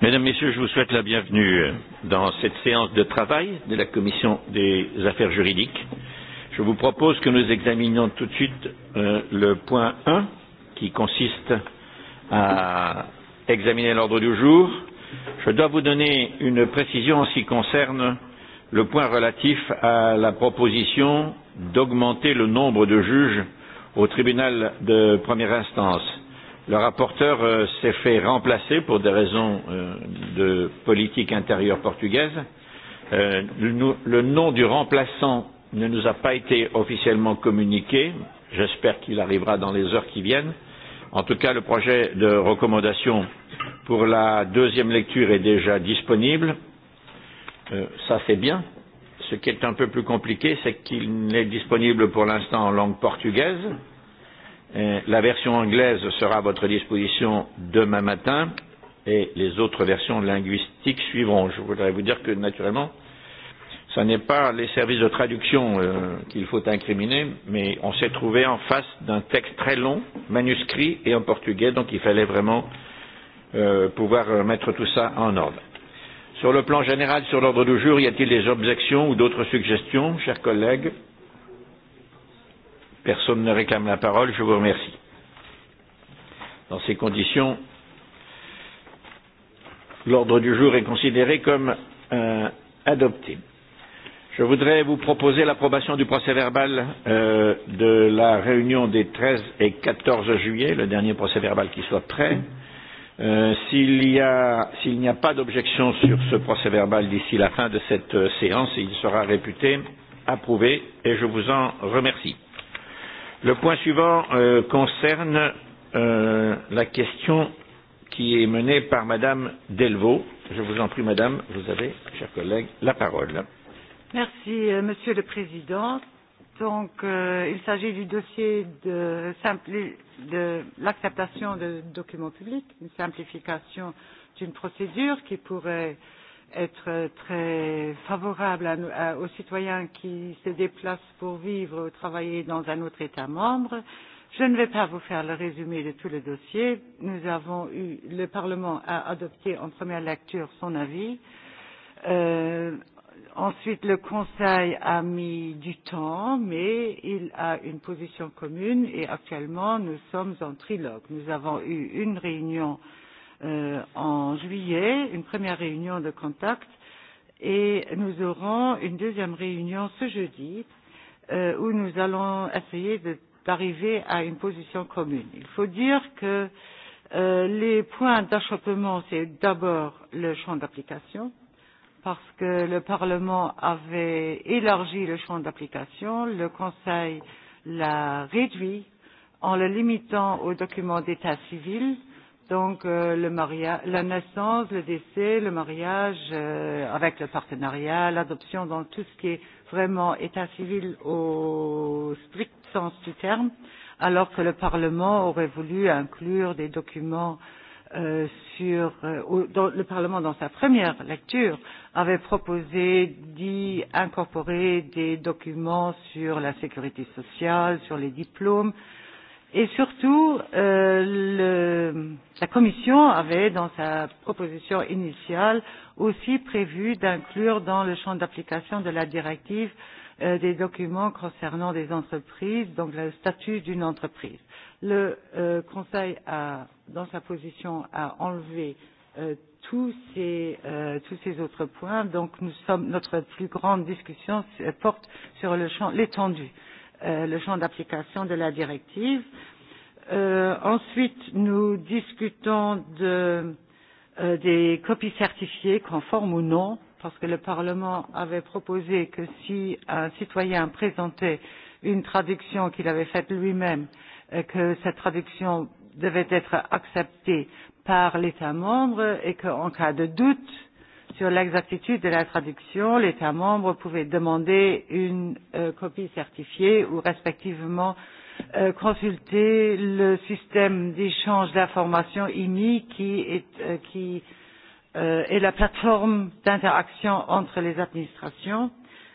Mesdames, Messieurs, je vous souhaite la bienvenue dans cette séance de travail de la Commission des affaires juridiques. Je vous propose que nous examinions tout de suite euh, le point 1 qui consiste à examiner l'ordre du jour. Je dois vous donner une précision en ce qui concerne le point relatif à la proposition d'augmenter le nombre de juges au tribunal de première instance. Le rapporteur euh, s'est fait remplacer pour des raisons euh, de politique intérieure portugaise. Euh, le, le nom du remplaçant ne nous a pas été officiellement communiqué. J'espère qu'il arrivera dans les heures qui viennent. En tout cas, le projet de recommandation pour la deuxième lecture est déjà disponible. Euh, ça, c'est bien. Ce qui est un peu plus compliqué, c'est qu'il n'est disponible pour l'instant en langue portugaise. Euh, la version anglaise sera à votre disposition demain matin et les autres versions linguistiques suivront. Je voudrais vous dire que, naturellement, ce n'est pas les services de traduction euh, qu'il faut incriminer, mais on s'est trouvé en face d'un texte très long, manuscrit et en portugais, donc il fallait vraiment euh, pouvoir mettre tout ça en ordre. Sur le plan général, sur l'ordre du jour, y a-t-il des objections ou d'autres suggestions, chers collègues Personne ne réclame la parole. Je vous remercie. Dans ces conditions, l'ordre du jour est considéré comme euh, adopté. Je voudrais vous proposer l'approbation du procès verbal euh, de la réunion des 13 et 14 juillet, le dernier procès verbal qui soit prêt. Euh, S'il n'y a, a pas d'objection sur ce procès verbal d'ici la fin de cette euh, séance, il sera réputé approuvé et je vous en remercie. Le point suivant euh, concerne euh, la question qui est menée par Madame Delvaux. Je vous en prie, Madame, vous avez, chers collègues, la parole. Merci, euh, Monsieur le Président. Donc, euh, il s'agit du dossier de, de l'acceptation de documents publics, une simplification d'une procédure qui pourrait euh, être très favorable à, à, aux citoyens qui se déplacent pour vivre ou travailler dans un autre État membre. Je ne vais pas vous faire le résumé de tout le dossier. Nous avons eu, le Parlement a adopté en première lecture son avis. Euh, ensuite, le Conseil a mis du temps, mais il a une position commune et actuellement, nous sommes en trilogue. Nous avons eu une réunion euh, euh, en juillet, une première réunion de contact et nous aurons une deuxième réunion ce jeudi euh, où nous allons essayer d'arriver à une position commune. Il faut dire que euh, les points d'achoppement, c'est d'abord le champ d'application, parce que le Parlement avait élargi le champ d'application, le Conseil l'a réduit en le limitant aux documents d'état civil euh, Donc euh, le mariage, la naissance, le décès, le mariage euh, avec le partenariat, l'adoption, donc tout ce qui est vraiment état civil au strict sens du terme, alors que le Parlement aurait voulu inclure des documents euh, sur euh, dans, le Parlement dans sa première lecture avait proposé d'y incorporer des documents sur la sécurité sociale, sur les diplômes, euh, Et surtout, euh, le, la Commission avait, dans sa proposition initiale, aussi prévu d'inclure dans le champ d'application de la directive euh, des documents concernant des entreprises, donc le statut d'une entreprise. Le euh, Conseil, a, dans sa position, a enlevé euh, tous ces, euh, tous ces autres points. Donc, nous sommes, notre plus grande discussion porte sur le champ, l'étendue euh, Euh, le champ d'application de la directive. Euh, ensuite, nous discutons de, euh, des copies certifiées, conformes ou non, parce que le Parlement avait proposé que si un citoyen présentait une traduction qu'il avait faite lui-même, euh, que cette traduction devait être acceptée par l'État membre et qu'en cas de doute, sur l'exactitude de la traduction, l'État membre pouvait demander une euh, copie certifiée ou respectivement euh, consulter le système d'échange d'informations IMI qui est, euh, qui, euh, est la plateforme d'interaction entre les administrations.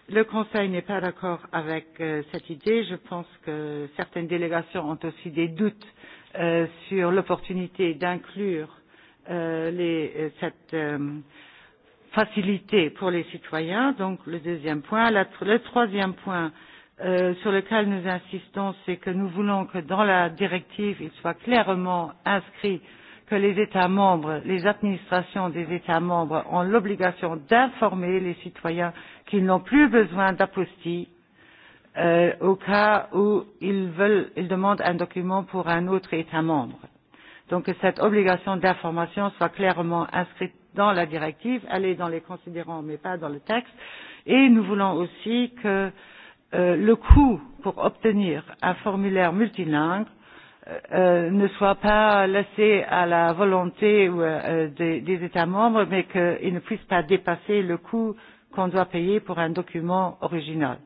Le Conseil n'est pas d'accord avec euh, cette idée. Je pense que certaines délégations ont aussi des doutes euh, sur l'opportunité d'inclure euh, les, euh, cette euh, facilité pour les citoyens. Donc le deuxième point. La, le troisième point euh, sur lequel nous insistons, c'est que nous voulons que dans la directive, il soit clairement inscrit que les États membres, les administrations des États membres ont l'obligation d'informer les citoyens qu'ils n'ont plus besoin d'apostille euh, au cas où ils, veulent, ils demandent un document pour un autre État membre. Donc que cette obligation d'information soit clairement inscrite dans la directive, elle est dans les considérants mais pas dans le texte, et nous voulons aussi que euh, le coût pour obtenir un formulaire multilingue euh, euh ne soit pas laissé à la volonté euh, des, des États membres, mais qu'il ne puisse pas dépasser le coût qu'on doit payer pour un document original.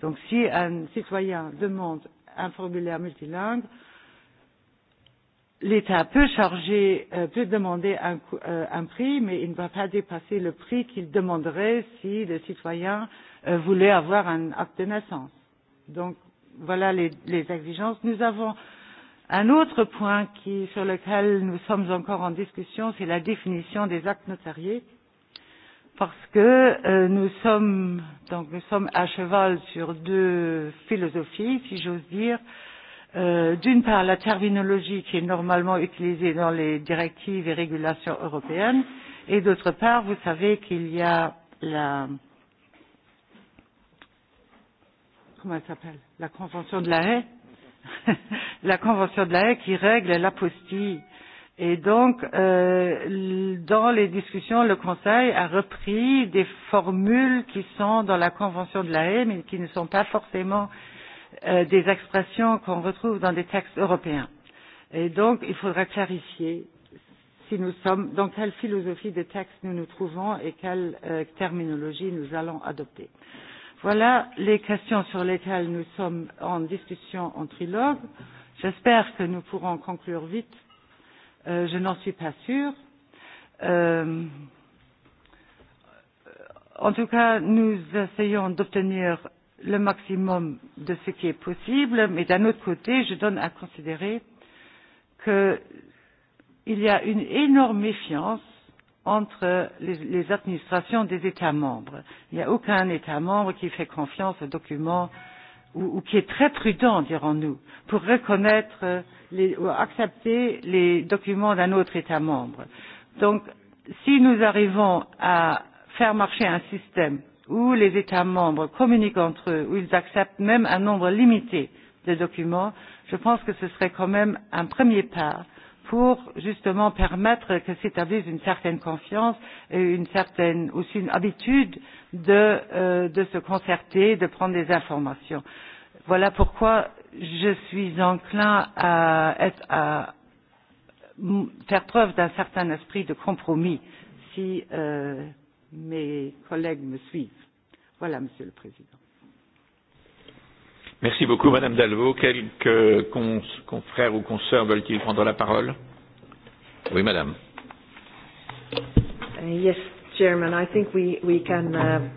Donc si un citoyen demande un formulaire multilingue, euh, l'État peut charger, euh, peut demander un, euh, un prix, mais il ne va pas dépasser le prix qu'il demanderait si le citoyen euh, voulait avoir un acte de naissance. Donc voilà les, les exigences. Nous avons un autre point qui, sur lequel nous sommes encore en discussion, c'est la définition des actes notariés, parce que euh, nous sommes donc nous sommes à cheval sur deux philosophies, si j'ose dire. Euh, Euh, d'une part, la terminologie qui est normalement utilisée dans les directives et régulations européennes, et d'autre part, vous savez qu'il y a la comment elle s'appelle La Convention de la haie. la Convention de la haie qui règle l'apostille. Et donc, euh, dans les discussions, le Conseil a repris des formules qui sont dans la Convention de la haie, mais qui ne sont pas forcément euh, euh, des expressions qu'on retrouve dans des textes européens. Et donc, il faudra clarifier si nous sommes, dans quelle philosophie de texte nous nous trouvons et quelle euh, terminologie nous allons adopter. Voilà les questions sur lesquelles nous sommes en discussion en trilogue. J'espère que nous pourrons conclure vite. Euh, je n'en suis pas sûre. Euh, en tout cas, nous essayons d'obtenir le maximum de ce qui est possible, mais d'un autre côté, je donne à considérer qu'il y a une énorme méfiance entre les, les administrations des États membres. Il n'y a aucun État membre qui fait confiance aux documents ou, ou qui est très prudent, dirons-nous, pour reconnaître les, ou accepter les documents d'un autre État membre. Donc, si nous arrivons à faire marcher un système où les États membres communiquent entre eux, où ils acceptent même un nombre limité de documents, je pense que ce serait quand même un premier pas pour justement permettre que s'établisse une certaine confiance et une certaine aussi une habitude de, euh, de se concerter, de prendre des informations. Voilà pourquoi je suis enclin à, être, à faire preuve d'un certain esprit de compromis si euh, mes collègues me suivent. Voilà, Monsieur le Président. Merci beaucoup, Madame Dalvaux. Quelques confrères ou consoeurs veulent-ils prendre la parole Oui, Madame. Uh, yes, Chairman, I think we, we can uh,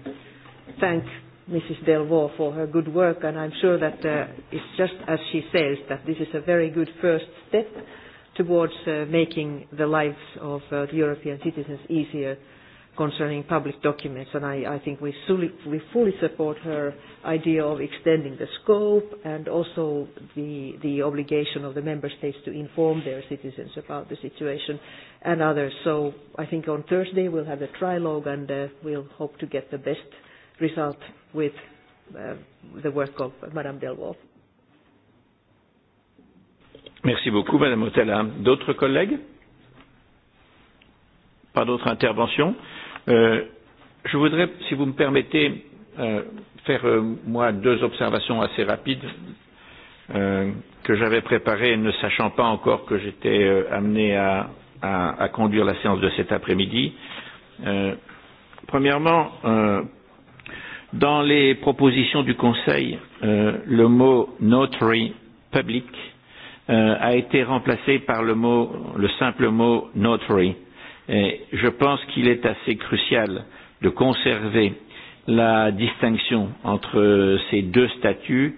thank Mrs. Delvaux for her good work, and I'm sure that uh, it's just as she says that this is a very good first step towards uh, making the lives of uh, the European citizens easier concerning public documents, and I, I think we fully, we fully support her idea of extending the scope and also the, the obligation of the member states to inform their citizens about the situation and others. So I think on Thursday we'll have a trilogue and uh, we'll hope to get the best result with uh, the work of Madame Delvaux. Merci beaucoup, Madame Otella. D'autres collègues Pas d'autres interventions Euh, je voudrais, si vous me permettez, euh, faire euh, moi deux observations assez rapides euh, que j'avais préparées, ne sachant pas encore que j'étais euh, amené à, à, à conduire la séance de cet après-midi. Euh, premièrement, euh, dans les propositions du Conseil, euh, le mot notary public euh, a été remplacé par le, mot, le simple mot notary Et je pense qu'il est assez crucial de conserver la distinction entre ces deux statuts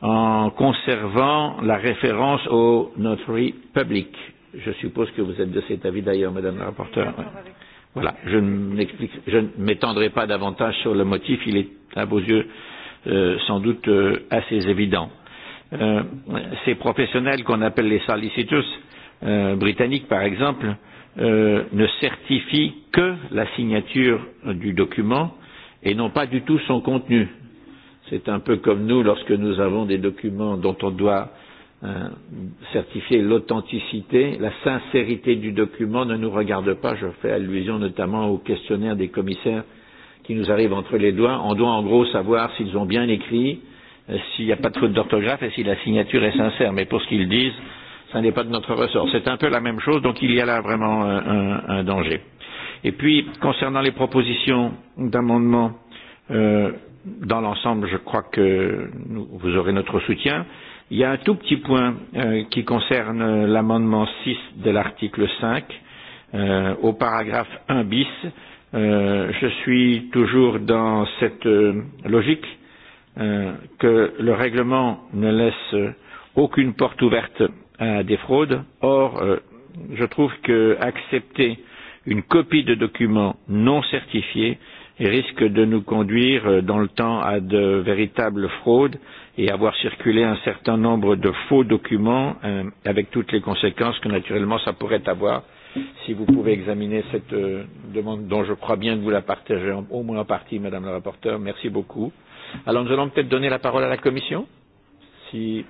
en conservant la référence au notary public. Je suppose que vous êtes de cet avis d'ailleurs, Madame la rapporteure. Oui. Voilà, je ne m'étendrai pas davantage sur le motif, il est à vos yeux euh, sans doute euh, assez évident. Euh, ces professionnels qu'on appelle les solicitors euh, britanniques, par exemple, euh, Euh, ne certifie que la signature du document et non pas du tout son contenu. C'est un peu comme nous lorsque nous avons des documents dont on doit euh, certifier l'authenticité, la sincérité du document ne nous regarde pas. Je fais allusion notamment au questionnaire des commissaires qui nous arrive entre les doigts. On doit en gros savoir s'ils ont bien écrit, euh, s'il n'y a pas de faute d'orthographe et si la signature est sincère. Mais pour ce qu'ils disent, ça n'est pas de notre ressort. C'est un peu la même chose, donc il y a là vraiment euh, un, un danger. Et puis, concernant les propositions d'amendement, euh, dans l'ensemble, je crois que nous, vous aurez notre soutien. Il y a un tout petit point euh, qui concerne l'amendement 6 de l'article 5, euh, au paragraphe 1 bis. Euh, je suis toujours dans cette euh, logique euh, que le règlement ne laisse aucune porte ouverte euh, des fraudes. Or, euh, je trouve que accepter une copie de documents non certifiés risque de nous conduire euh, dans le temps à de véritables fraudes et avoir circulé un certain nombre de faux documents euh, avec toutes les conséquences que naturellement ça pourrait avoir. Si vous pouvez examiner cette euh, demande dont je crois bien que vous la partagez en, au moins en partie, Madame la rapporteure, merci beaucoup. Alors nous allons peut-être donner la parole à la Commission, si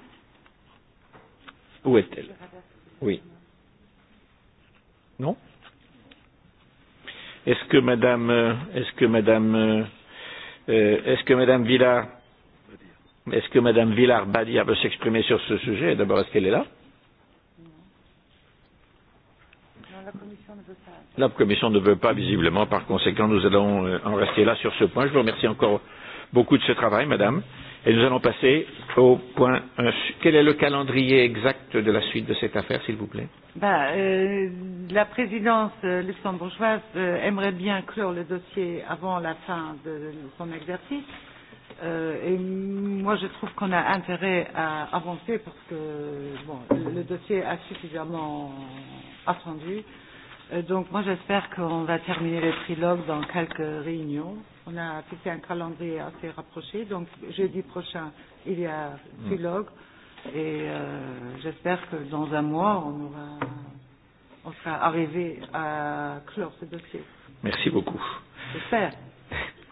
Où est-elle Oui. Non Est-ce que Madame, euh, est-ce que Madame, euh, euh, est-ce que Madame Villard, est-ce que Madame Villard Badia veut s'exprimer sur ce sujet D'abord, est-ce qu'elle est là La commission, ne veut pas. visiblement. Par conséquent, nous allons euh, en rester là sur ce point. Je vous remercie encore beaucoup de ce travail, Madame. Et nous allons passer au point. Euh, quel est le calendrier exact de la suite de cette affaire, s'il vous plaît bah, euh, La présidence euh, luxembourgeoise euh, aimerait bien clore le dossier avant la fin de son exercice. Euh, et moi, je trouve qu'on a intérêt à avancer parce que bon, le dossier a suffisamment attendu. Euh, donc, moi, j'espère qu'on va terminer le trilogue dans quelques réunions on a fixé un calendrier assez rapproché. Donc jeudi prochain, il y a mm. trilogue. Et euh, j'espère que dans un mois, on, aura, on sera arrivé à clore ce dossier. Merci beaucoup. J'espère.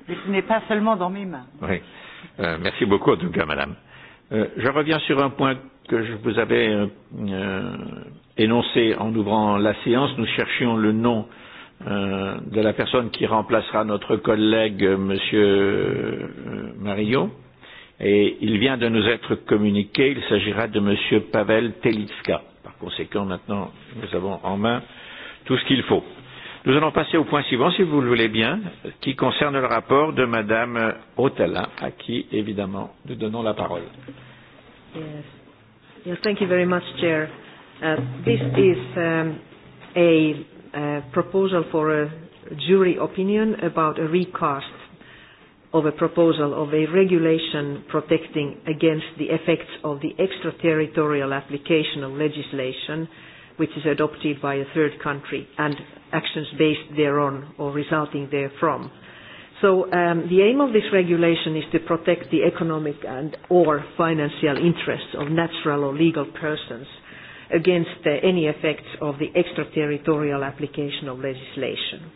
Mais ce n'est pas seulement dans mes mains. Oui. Euh, merci beaucoup en tout cas, madame. Euh, je reviens sur un point que je vous avais euh, euh énoncé en ouvrant la séance. Nous cherchions le nom euh, Euh, de la personne qui remplacera notre collègue euh, M. Euh, Mario. Et il vient de nous être communiqué, il s'agira de M. Pavel Telitska. Par conséquent, maintenant, nous avons en main tout ce qu'il faut. Nous allons passer au point suivant, si vous le voulez bien, qui concerne le rapport de Mme Otala, à qui, évidemment, nous donnons la parole. Yes. Yeah, thank you very much, Chair. Uh, this is um, a a proposal for a jury opinion about a recast of a proposal of a regulation protecting against the effects of the extraterritorial application of legislation which is adopted by a third country and actions based thereon or resulting therefrom. So um, the aim of this regulation is to protect the economic and or financial interests of natural or legal persons against uh, any effects of the extraterritorial application of legislation.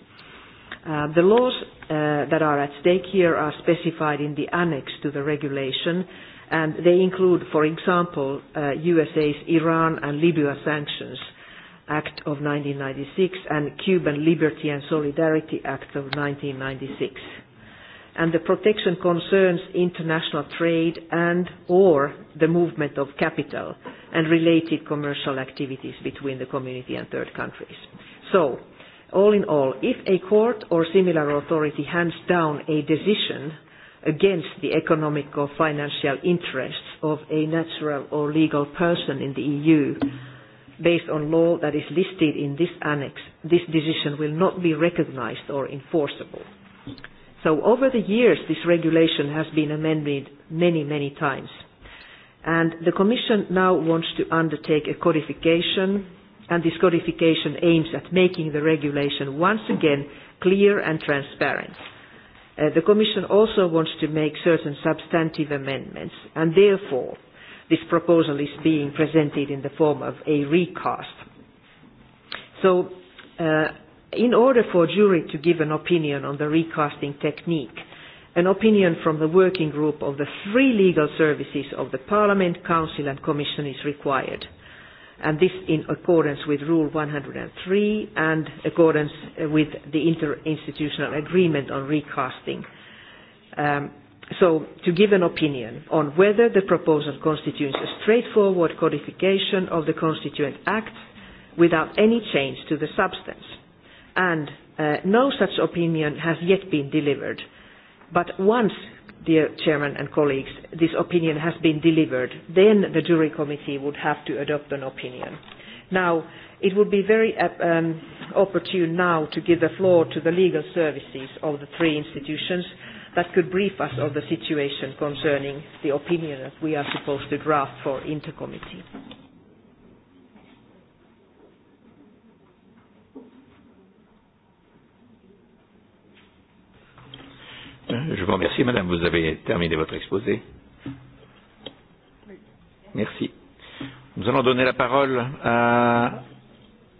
Uh, the laws uh, that are at stake here are specified in the annex to the regulation, and they include, for example, uh, USA's Iran and Libya sanctions Act of 1996 and Cuban Liberty and Solidarity Act of 1996 and the protection concerns international trade and or the movement of capital and related commercial activities between the community and third countries. So, all in all, if a court or similar authority hands down a decision against the economic or financial interests of a natural or legal person in the EU, based on law that is listed in this annex, this decision will not be recognized or enforceable. So over the years, this regulation has been amended many, many times. And the Commission now wants to undertake a codification, and this codification aims at making the regulation once again clear and transparent. Uh, the Commission also wants to make certain substantive amendments, and therefore this proposal is being presented in the form of a recast. So uh, in order for a jury to give an opinion on the recasting technique, an opinion from the working group of the three legal services of the Parliament, Council and Commission is required. And this in accordance with Rule 103 and accordance uh, with the Interinstitutional Agreement on Recasting. Um, so, to give an opinion on whether the proposal constitutes a straightforward codification of the constituent Act without any change to the substance and uh, no such opinion has yet been delivered. But once, dear Chairman and colleagues, this opinion has been delivered, then the jury committee would have to adopt an opinion. Now, it would be very uh, um, opportune now to give the floor to the legal services of the three institutions that could brief us on the situation concerning the opinion that we are supposed to draft for intercommittee. Je vous remercie, madame. Vous avez terminé votre exposé. Merci. Nous allons donner la parole à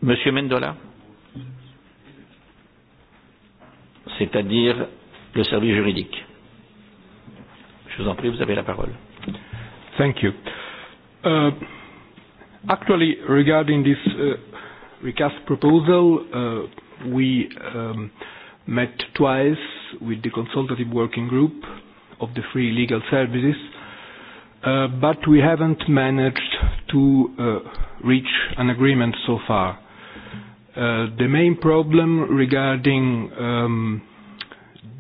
monsieur Mendola, c'est-à-dire le service juridique. Je vous en prie, vous avez la parole. Thank you. Uh, actually, regarding this uh, recast proposal, uh, we um, met twice with the consultative working group of the free legal services, uh, but we haven't managed to uh, reach an agreement so far. Uh, the main problem regarding um,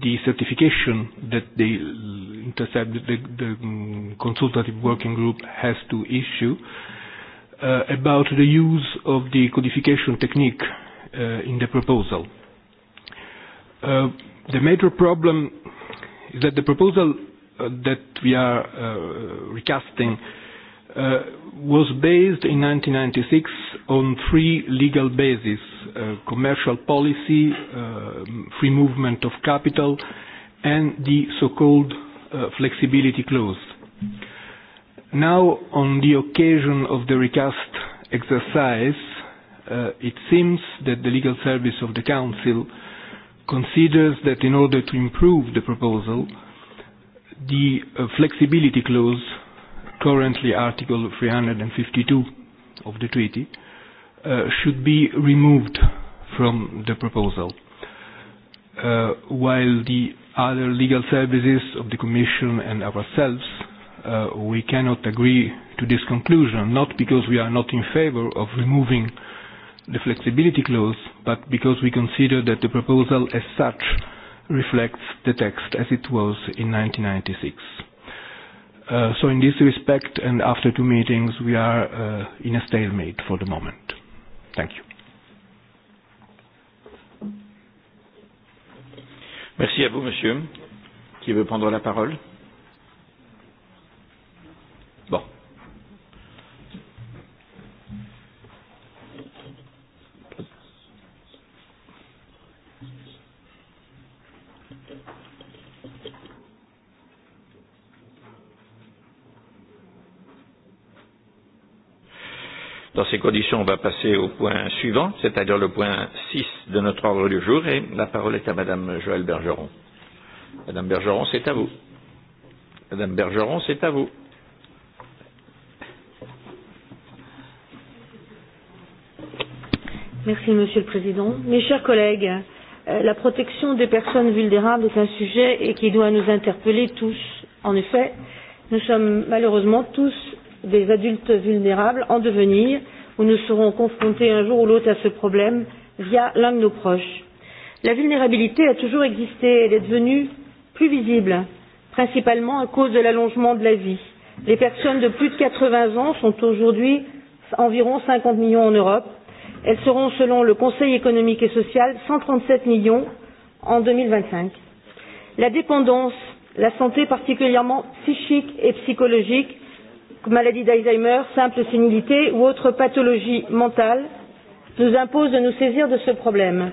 the certification that the, the, the the consultative working group has to issue uh, about the use of the codification technique uh, in the proposal. Uh, The major problem is that the proposal uh, that we are uh, recasting uh, was based in 1996 on three legal bases, uh, commercial policy, uh, free movement of capital, and the so-called uh, flexibility clause. Now, on the occasion of the recast exercise, uh, it seems that the legal service of the Council uh, considers that in order to improve the proposal, the uh, flexibility clause, currently Article 352 of the treaty, uh, should be removed from the proposal, uh, while the other legal services of the Commission and ourselves, uh, we cannot agree to this conclusion, not because we are not in favor of removing the flexibility clause, but because we consider that the proposal as such reflects the text as it was in 1996. Uh, so in this respect, and after two meetings, we are uh, in a stalemate for the moment. Thank you. Merci à vous, monsieur. Qui veut prendre la parole? Dans ces conditions, on va passer au point suivant, c'est-à-dire le point 6 de notre ordre du jour, et la parole est à Madame Joëlle Bergeron. Madame Bergeron, c'est à vous. Madame Bergeron, c'est à vous. Merci, Monsieur le Président. Mes chers collègues, euh, la protection des personnes vulnérables est un sujet et qui doit nous interpeller tous. En effet, nous sommes malheureusement tous des adultes vulnérables en devenir, où nous serons confrontés un jour ou l'autre à ce problème via l'un de nos proches. La vulnérabilité a toujours existé, elle est devenue plus visible, principalement à cause de l'allongement de la vie. Les personnes de plus de 80 ans sont aujourd'hui environ 50 millions en Europe. Elles seront, selon le Conseil économique et social, 137 millions en 2025. La dépendance, la santé particulièrement psychique et psychologique maladie d'Alzheimer, simple sénilité ou autre pathologie mentale, nous impose de nous saisir de ce problème.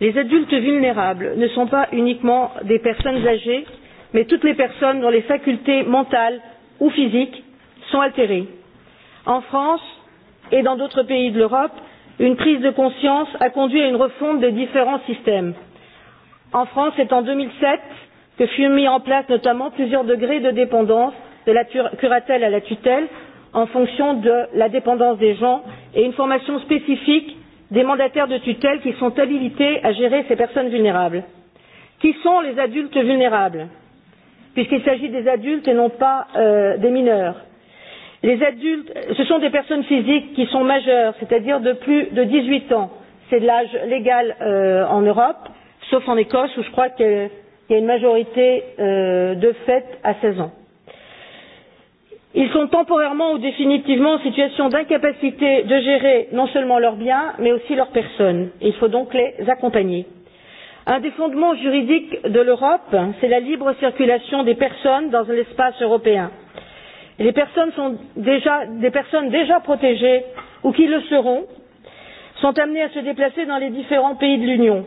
Les adultes vulnérables ne sont pas uniquement des personnes âgées, mais toutes les personnes dont les facultés mentales ou physiques sont altérées. En France et dans d'autres pays de l'Europe, une prise de conscience a conduit à une refonte des différents systèmes. En France, c'est en 2007 que furent mis en place notamment plusieurs degrés de dépendance de la curatelle à la tutelle en fonction de la dépendance des gens et une formation spécifique des mandataires de tutelle qui sont habilités à gérer ces personnes vulnérables. Qui sont les adultes vulnérables puisqu'il s'agit des adultes et non pas euh, des mineurs Les adultes, ce sont des personnes physiques qui sont majeures, c'est-à-dire de plus de 18 ans. C'est l'âge légal euh, en Europe, sauf en Écosse où je crois qu'il y a une majorité euh, de fait à 16 ans. Ils sont temporairement ou définitivement en situation d'incapacité de gérer non seulement leurs biens, mais aussi leurs personnes. Il faut donc les accompagner. Un des fondements juridiques de l'Europe, c'est la libre circulation des personnes dans l'espace européen. Les personnes sont déjà, des personnes déjà protégées ou qui le seront sont amenées à se déplacer dans les différents pays de l'Union.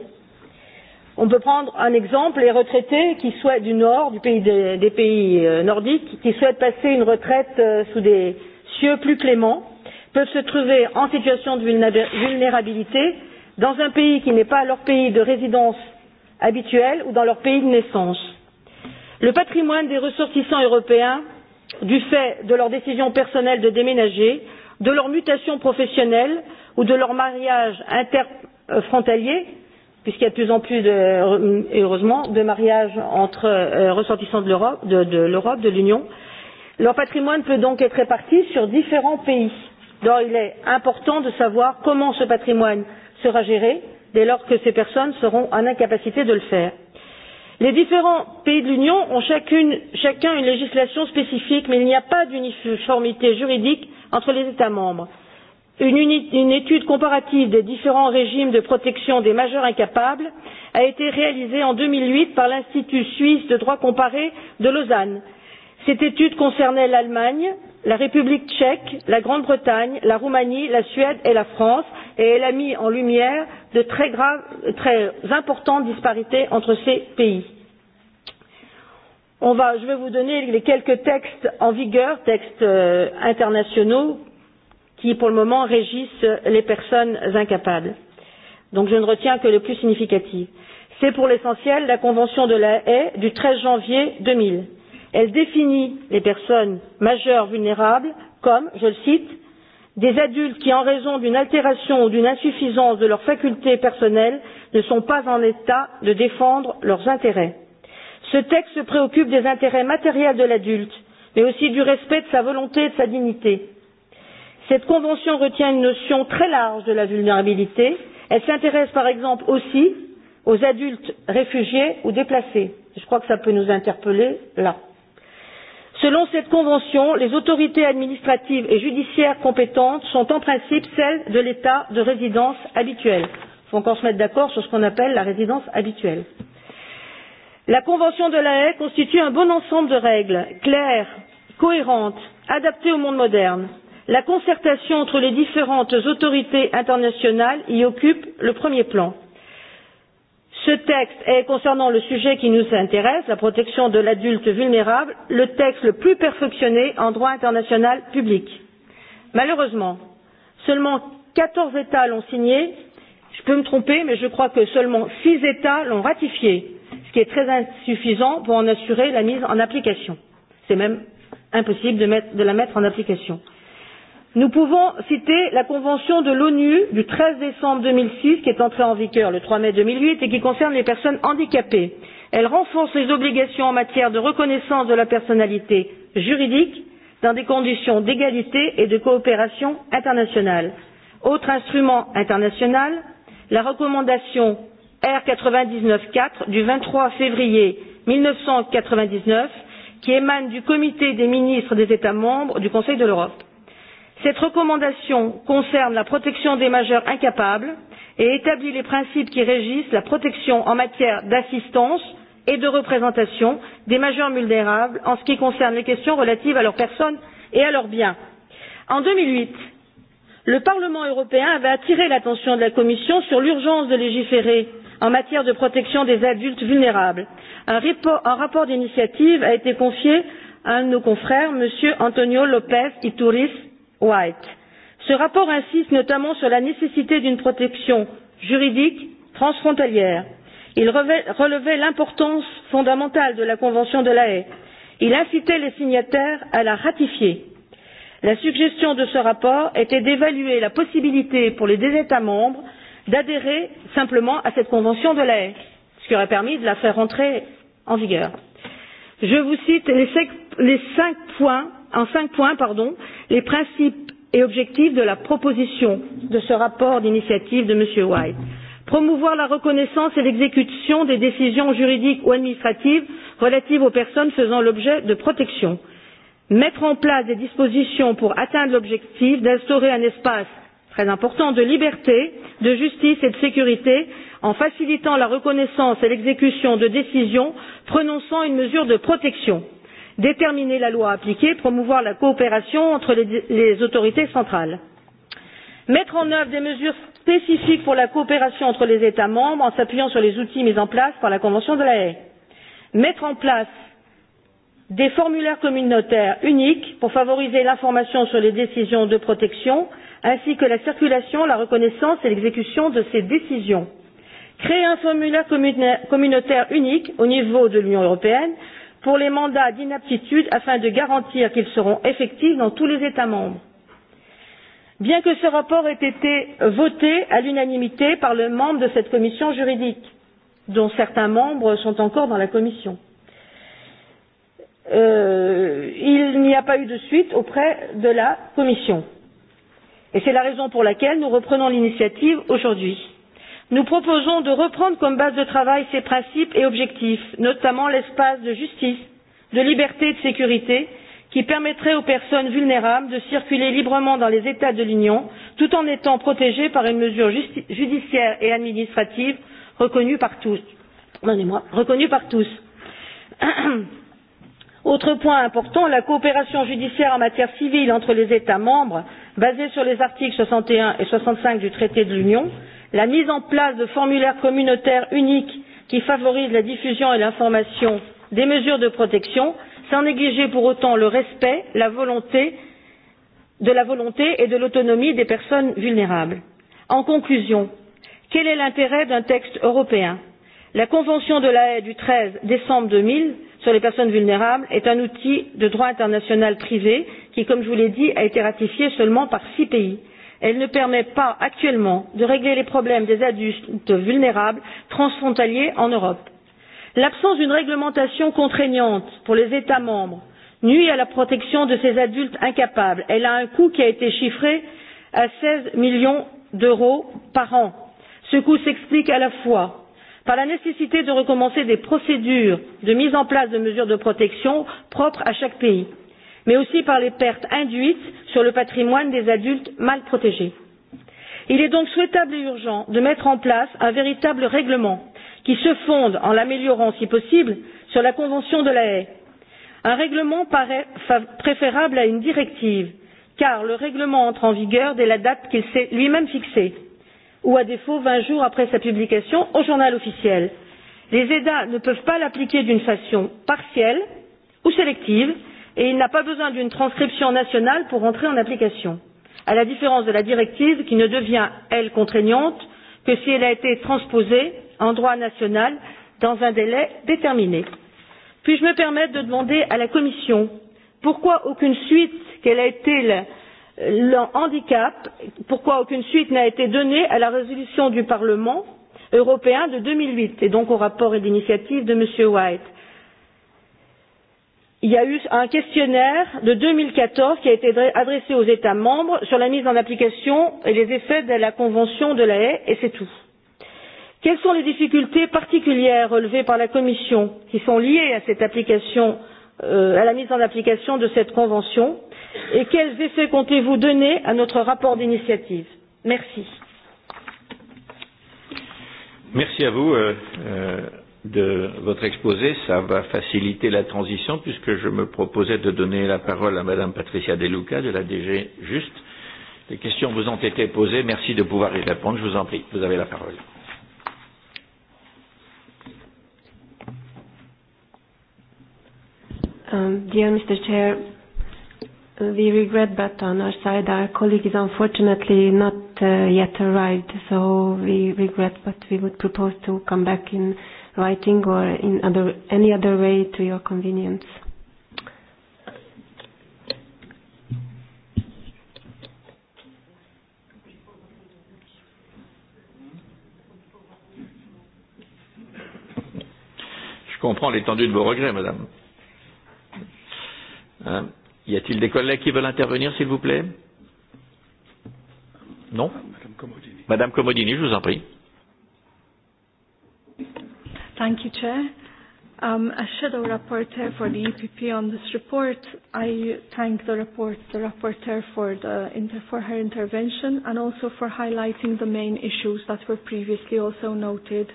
On peut prendre un exemple, les retraités qui souhaitent du Nord, du pays des, des pays euh, nordiques, qui souhaitent passer une retraite euh, sous des cieux plus cléments, peuvent se trouver en situation de vulnérabilité dans un pays qui n'est pas leur pays de résidence habituelle ou dans leur pays de naissance. Le patrimoine des ressortissants européens, du fait de leur décision personnelle de déménager, de leur mutation professionnelle ou de leur mariage interfrontalier, puisqu'il y a de plus en plus, de, heureusement, de mariages entre euh, ressortissants de l'Europe, de, de l'Europe, de l'Union. Leur patrimoine peut donc être réparti sur différents pays. Donc il est important de savoir comment ce patrimoine sera géré dès lors que ces personnes seront en incapacité de le faire. Les différents pays de l'Union ont chacune, chacun une législation spécifique, mais il n'y a pas d'uniformité juridique entre les États membres une, une étude comparative des différents régimes de protection des majeurs incapables a été réalisée en deux mille huit par l'institut suisse de droit comparé de lausanne. cette étude concernait l'allemagne la république tchèque la grande bretagne la roumanie la suède et la france et elle a mis en lumière de très, graves, très importantes disparités entre ces pays. On va, je vais vous donner les quelques textes en vigueur textes euh, internationaux qui, pour le moment, régissent les personnes incapables. Donc je ne retiens que le plus significatif. C'est pour l'essentiel la Convention de la haie du 13 janvier 2000. Elle définit les personnes majeures vulnérables comme, je le cite, des adultes qui, en raison d'une altération ou d'une insuffisance de leurs facultés personnelles, ne sont pas en état de défendre leurs intérêts. Ce texte se préoccupe des intérêts matériels de l'adulte, mais aussi du respect de sa volonté et de sa dignité. Cette convention retient une notion très large de la vulnérabilité. Elle s'intéresse par exemple aussi aux adultes réfugiés ou déplacés. Je crois que ça peut nous interpeller là. Selon cette convention, les autorités administratives et judiciaires compétentes sont en principe celles de l'État de résidence habituelle. Il faut encore se mettre d'accord sur ce qu'on appelle la résidence habituelle. La Convention de la Haye constitue un bon ensemble de règles claires, cohérentes, adaptées au monde moderne la concertation entre les différentes autorités internationales y occupe le premier plan. Ce texte est, concernant le sujet qui nous intéresse, la protection de l'adulte vulnérable, le texte le plus perfectionné en droit international public. Malheureusement, seulement 14 États l'ont signé. Je peux me tromper, mais je crois que seulement 6 États l'ont ratifié, ce qui est très insuffisant pour en assurer la mise en application. C'est même impossible de, mettre, de la mettre en application. Nous pouvons citer la Convention de l'ONU du 13 décembre 2006 qui est entrée en vigueur le 3 mai 2008 et qui concerne les personnes handicapées. Elle renforce les obligations en matière de reconnaissance de la personnalité juridique dans des conditions d'égalité et de coopération internationale. Autre instrument international, la recommandation R99-4 du 23 février 1999 qui émane du comité des ministres des États membres du Conseil de l'Europe Cette recommandation concerne la protection des majeurs incapables et établit les principes qui régissent la protection en matière d'assistance et de représentation des majeurs vulnérables en ce qui concerne les questions relatives à leurs personnes et à leurs biens. En 2008, le Parlement européen avait attiré l'attention de la Commission sur l'urgence de légiférer en matière de protection des adultes vulnérables. Un, report, un rapport d'initiative a été confié à un de nos confrères, M. Antonio López Iturriz, White. Ce rapport insiste notamment sur la nécessité d'une protection juridique transfrontalière. Il relevait l'importance fondamentale de la Convention de la Haye. Il incitait les signataires à la ratifier. La suggestion de ce rapport était d'évaluer la possibilité pour les deux États membres d'adhérer simplement à cette Convention de la haye ce qui aurait permis de la faire entrer en vigueur. Je vous cite les cinq points en cinq points pardon, les principes et objectifs de la proposition de ce rapport d'initiative de M. White. Promouvoir la reconnaissance et l'exécution des décisions juridiques ou administratives relatives aux personnes faisant l'objet de protection. Mettre en place des dispositions pour atteindre l'objectif d'instaurer un espace très important de liberté, de justice et de sécurité en facilitant la reconnaissance et l'exécution de décisions prononçant une mesure de protection déterminer la loi à appliquer promouvoir la coopération entre les, les autorités centrales mettre en œuvre des mesures spécifiques pour la coopération entre les états membres en s'appuyant sur les outils mis en place par la convention de la haye mettre en place des formulaires communautaires uniques pour favoriser l'information sur les décisions de protection ainsi que la circulation la reconnaissance et l'exécution de ces décisions créer un formulaire communautaire unique au niveau de l'union européenne pour les mandats d'inaptitude afin de garantir qu'ils seront effectifs dans tous les États membres. Bien que ce rapport ait été voté à l'unanimité par les membres de cette commission juridique, dont certains membres sont encore dans la commission, euh, il n'y a pas eu de suite auprès de la commission. Et c'est la raison pour laquelle nous reprenons l'initiative aujourd'hui. Nous proposons de reprendre comme base de travail ces principes et objectifs, notamment l'espace de justice, de liberté et de sécurité, qui permettrait aux personnes vulnérables de circuler librement dans les États de l'Union, tout en étant protégées par une mesure judiciaire et administrative reconnue par tous. Pardonnez-moi, reconnue par tous. Autre point important, la coopération judiciaire en matière civile entre les États membres, basée sur les articles 61 et 65 du traité de l'Union, la mise en place de formulaires communautaires uniques qui favorisent la diffusion et l'information des mesures de protection sans négliger pour autant le respect la volonté, de la volonté et de l'autonomie des personnes vulnérables. En conclusion, quel est l'intérêt d'un texte européen La Convention de la Haye du 13 décembre 2000 sur les personnes vulnérables est un outil de droit international privé qui, comme je vous l'ai dit, a été ratifié seulement par six pays elle ne permet pas actuellement de régler les problèmes des adultes vulnérables transfrontaliers en europe. l'absence d'une réglementation contraignante pour les états membres nuit à la protection de ces adultes incapables. elle a un coût qui a été chiffré à seize millions d'euros par an. ce coût s'explique à la fois par la nécessité de recommencer des procédures de mise en place de mesures de protection propres à chaque pays mais aussi par les pertes induites sur le patrimoine des adultes mal protégés. Il est donc souhaitable et urgent de mettre en place un véritable règlement qui se fonde, en l'améliorant si possible, sur la Convention de la haie. Un règlement paraît préférable à une directive, car le règlement entre en vigueur dès la date qu'il s'est lui-même fixée, ou à défaut 20 jours après sa publication au journal officiel. Les eda ne peuvent pas l'appliquer d'une façon partielle ou sélective, et il n'a pas besoin d'une transcription nationale pour entrer en application, à la différence de la directive qui ne devient, elle, contraignante que si elle a été transposée en droit national dans un délai déterminé. Puis je me permettre de demander à la Commission pourquoi aucune suite qu'elle a été le, le handicap, pourquoi aucune suite n'a été donnée à la résolution du Parlement européen de 2008 et donc au rapport et d'initiative de M. White il y a eu un questionnaire de deux mille quatorze qui a été adressé aux états membres sur la mise en application et les effets de la convention de la haye et c'est tout. quelles sont les difficultés particulières relevées par la commission qui sont liées à cette application euh, à la mise en application de cette convention et quels effets comptez vous donner à notre rapport d'initiative? merci. merci à vous. Euh, euh de votre exposé, ça va faciliter la transition puisque je me proposais de donner la parole à Madame Patricia Deluca de la DG Juste. Les questions vous ont été posées, merci de pouvoir y répondre, je vous en prie, vous avez la parole. Um, dear Mr. Chair, we regret but on our side our colleague is unfortunately not uh, yet arrived, so we regret but we would propose to come back in writing or in other, any other way to your convenience. Je comprends l'étendue de vos regrets, madame. Euh, y a-t-il des collègues qui veulent intervenir, s'il vous plaît Non Madame Comodini. Madame Comodini, je vous en prie. Thank you, Chair. Um, as Shadow Rapporteur for the EPP on this report, I thank the, report, the Rapporteur for, the inter, for her intervention and also for highlighting the main issues that were previously also noted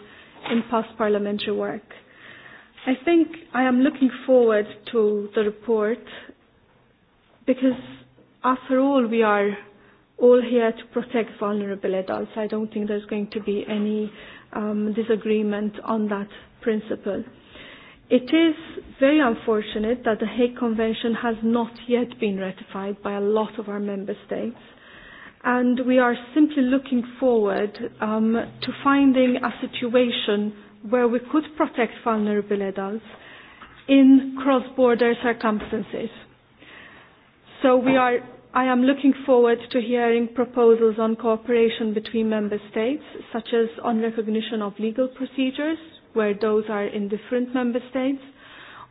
in past parliamentary work. I think I am looking forward to the report because after all we are all here to protect vulnerable adults. I don't think there's going to be any uh, um, disagreement on that principle. It is very unfortunate that the Hague Convention has not yet been ratified by a lot of our member states, and we are simply looking forward um, to finding a situation where we could protect vulnerable adults in cross-border circumstances. So we are I am looking forward to hearing proposals on cooperation between member states, such as on recognition of legal procedures, where those are in different member states,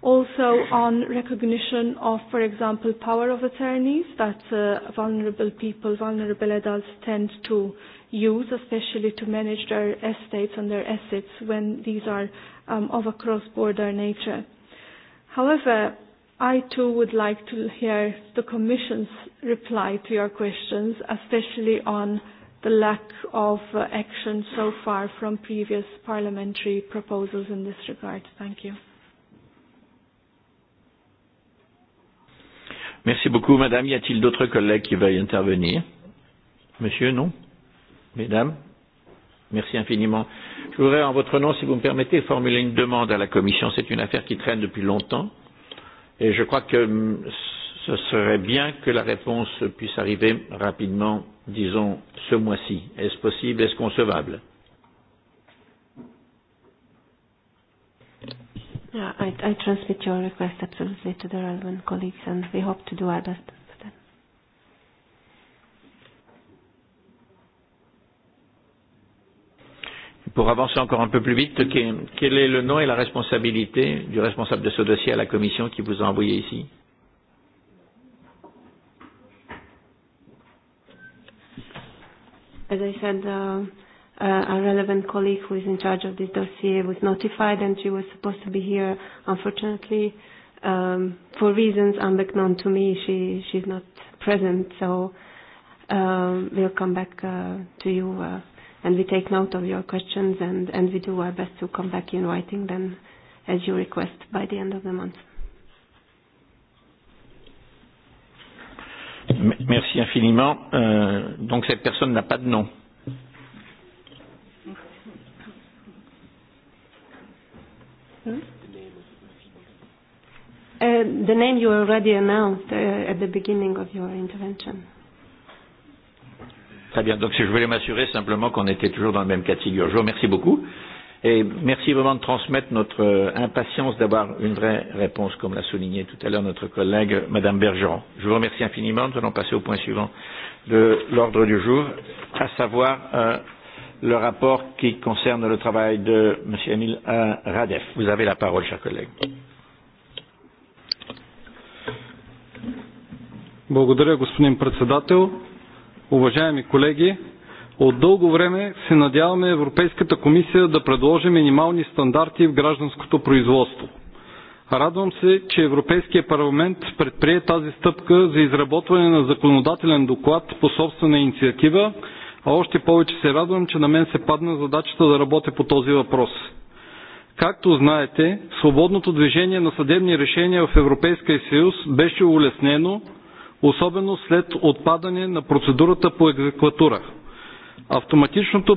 also on recognition of, for example, power of attorneys that uh, vulnerable people, vulnerable adults tend to use, especially to manage their estates and their assets when these are um, of a cross-border nature. However, I too would like to hear the Commission's reply to your questions, especially on the lack of uh, action so far from previous parliamentary proposals in this regard. Thank you. Merci beaucoup, Madame. Y a-t-il d'autres collègues qui veuillent intervenir Monsieur, non Mesdames Merci infiniment. Je voudrais, en votre nom, si vous me permettez, formuler une demande à la Commission. C'est une affaire qui traîne depuis longtemps. Et je crois que mm, ce serait bien que la réponse puisse arriver rapidement, disons, ce mois-ci. Est-ce possible Est-ce concevable Yeah, I, I transmit your request absolutely to the relevant colleagues and we hope to do our best. pour avancer encore un peu plus vite, quel est le nom et la responsabilité du responsable de ce dossier à la commission qui vous a envoyé ici As I said, uh, uh, a relevant colleague who is in charge of this dossier was notified and she was supposed to be here. Unfortunately, um, for reasons unbeknown to me, she, she's not present, so um, we'll come back uh, to you uh, and we take note of your questions and, and we do our best to come back in writing them as you request by the end of the month. Merci infiniment. Euh, donc cette personne n'a pas de nom. Hmm? Uh, the name you already announced uh, at the beginning of your intervention. Très bien. Donc, je voulais m'assurer simplement qu'on était toujours dans le même cas de figure. Je vous remercie beaucoup. Et merci vraiment de transmettre notre euh, impatience d'avoir une vraie réponse, comme l'a souligné tout à l'heure notre collègue Madame Bergeron. Je vous remercie infiniment. Nous allons passer au point suivant de l'ordre du jour, à savoir euh, le rapport qui concerne le travail de M. Emile euh, Radef. Vous avez la parole, cher collègue. Благодаря, господин председател уважаеми колеги, от дълго време се надяваме Европейската комисия да предложи минимални стандарти в гражданското производство. Радвам се, че Европейския парламент предприе тази стъпка за изработване на законодателен доклад по собствена инициатива, а още повече се радвам, че на мен се падна задачата да работя по този въпрос. Както знаете, свободното движение на съдебни решения в Европейския съюз беше улеснено особено след отпадане на процедурата по екзекватура. Автоматичното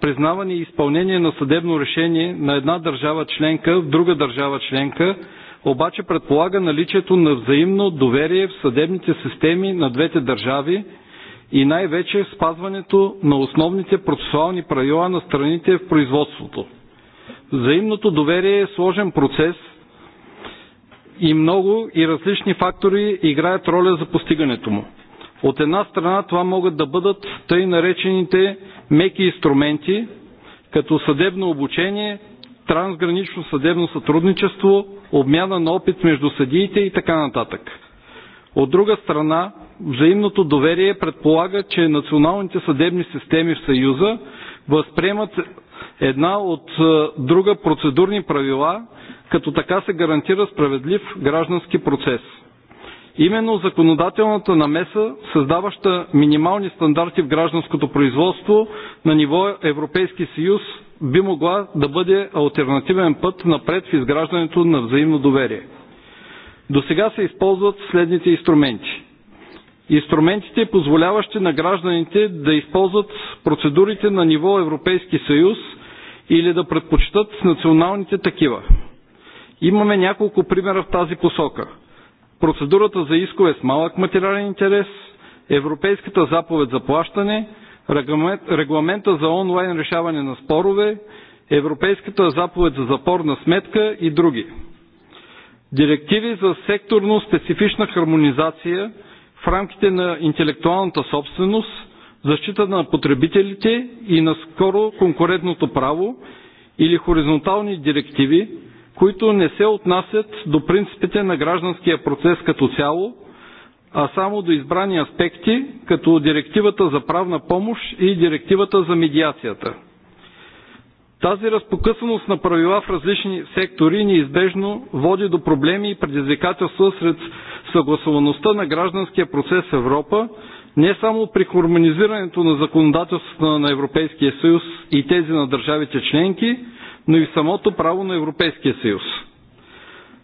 признаване и изпълнение на съдебно решение на една държава членка в друга държава членка обаче предполага наличието на взаимно доверие в съдебните системи на двете държави и най-вече спазването на основните процесуални правила на страните в производството. Взаимното доверие е сложен процес – и много и различни фактори играят роля за постигането му. От една страна това могат да бъдат тъй наречените меки инструменти, като съдебно обучение, трансгранично съдебно сътрудничество, обмяна на опит между съдиите и така нататък. От друга страна, взаимното доверие предполага, че националните съдебни системи в Съюза възприемат една от друга процедурни правила, като така се гарантира справедлив граждански процес. Именно законодателната намеса, създаваща минимални стандарти в гражданското производство на ниво Европейски съюз, би могла да бъде альтернативен път напред в изграждането на взаимно доверие. До сега се използват следните инструменти. Инструментите, позволяващи на гражданите да използват процедурите на ниво Европейски съюз или да предпочитат националните такива. Имаме няколко примера в тази посока. Процедурата за искове с малък материален интерес, Европейската заповед за плащане, регламента за онлайн решаване на спорове, Европейската заповед за запорна сметка и други. Директиви за секторно специфична хармонизация в рамките на интелектуалната собственост, защита на потребителите и на скоро конкурентното право или хоризонтални директиви, които не се отнасят до принципите на гражданския процес като цяло, а само до избрани аспекти, като директивата за правна помощ и директивата за медиацията. Тази разпокъсаност на правила в различни сектори неизбежно води до проблеми и предизвикателства сред съгласуваността на гражданския процес в Европа, не само при хармонизирането на законодателството на Европейския съюз и тези на държавите членки, но и в самото право на Европейския съюз.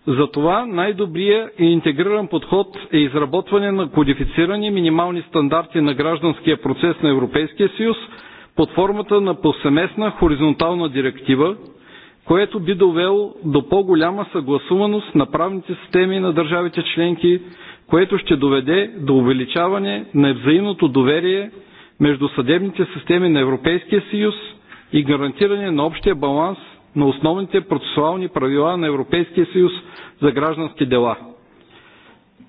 Затова най добрия и интегриран подход е изработване на кодифицирани минимални стандарти на гражданския процес на Европейския съюз под формата на повсеместна хоризонтална директива, което би довело до по-голяма съгласуваност на правните системи на държавите членки, което ще доведе до увеличаване на взаимното доверие между съдебните системи на Европейския съюз и гарантиране на общия баланс на основните процесуални правила на Европейския съюз за граждански дела.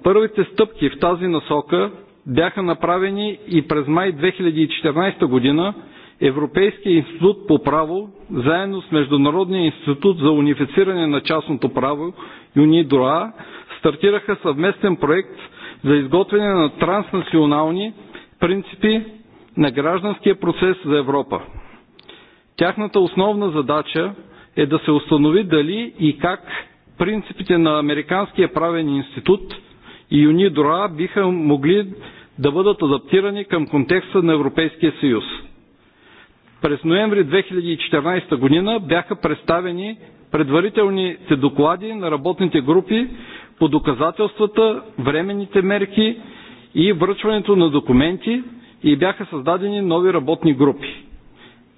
Първите стъпки в тази насока бяха направени и през май 2014 година Европейския институт по право, заедно с Международния институт за унифициране на частното право ЮНИДРОА, стартираха съвместен проект за изготвяне на транснационални принципи на гражданския процес за Европа. Тяхната основна задача е да се установи дали и как принципите на Американския правен институт и юнидора биха могли да бъдат адаптирани към контекста на Европейския съюз. През ноември 2014 година бяха представени предварителните доклади на работните групи по доказателствата, временните мерки и връчването на документи и бяха създадени нови работни групи.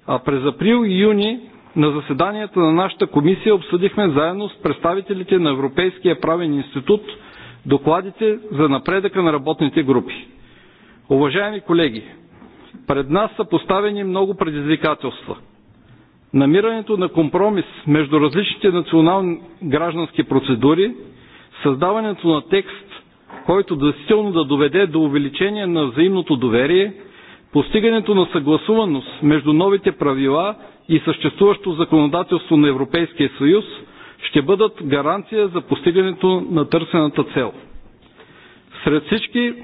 А през април и юни на заседанието на нашата комисия обсъдихме заедно с представителите на Европейския правен институт докладите за напредъка на работните групи. Уважаеми колеги, пред нас са поставени много предизвикателства. Намирането на компромис между различните национални граждански процедури, създаването на текст, който действително да доведе до увеличение на взаимното доверие – Постигането на съгласуваност между новите правила и съществуващо законодателство на Европейския съюз ще бъдат гаранция за постигането на търсената цел. Сред, всички,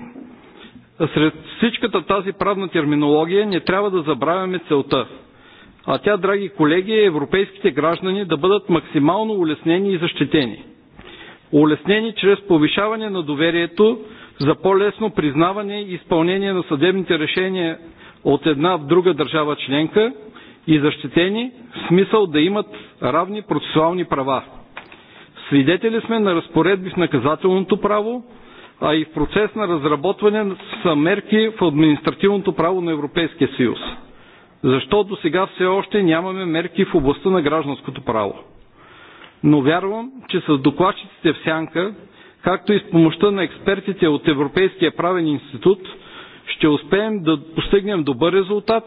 сред всичката тази правна терминология не трябва да забравяме целта. А тя, драги колеги, е европейските граждани да бъдат максимално улеснени и защитени. Улеснени чрез повишаване на доверието за по-лесно признаване и изпълнение на съдебните решения от една в друга държава членка и защитени в смисъл да имат равни процесуални права. Свидетели сме на разпоредби в наказателното право, а и в процес на разработване са мерки в административното право на Европейския съюз. Защо до сега все още нямаме мерки в областта на гражданското право? Но вярвам, че с докладчиците в сянка както и с помощта на експертите от Европейския правен институт, ще успеем да постигнем добър резултат,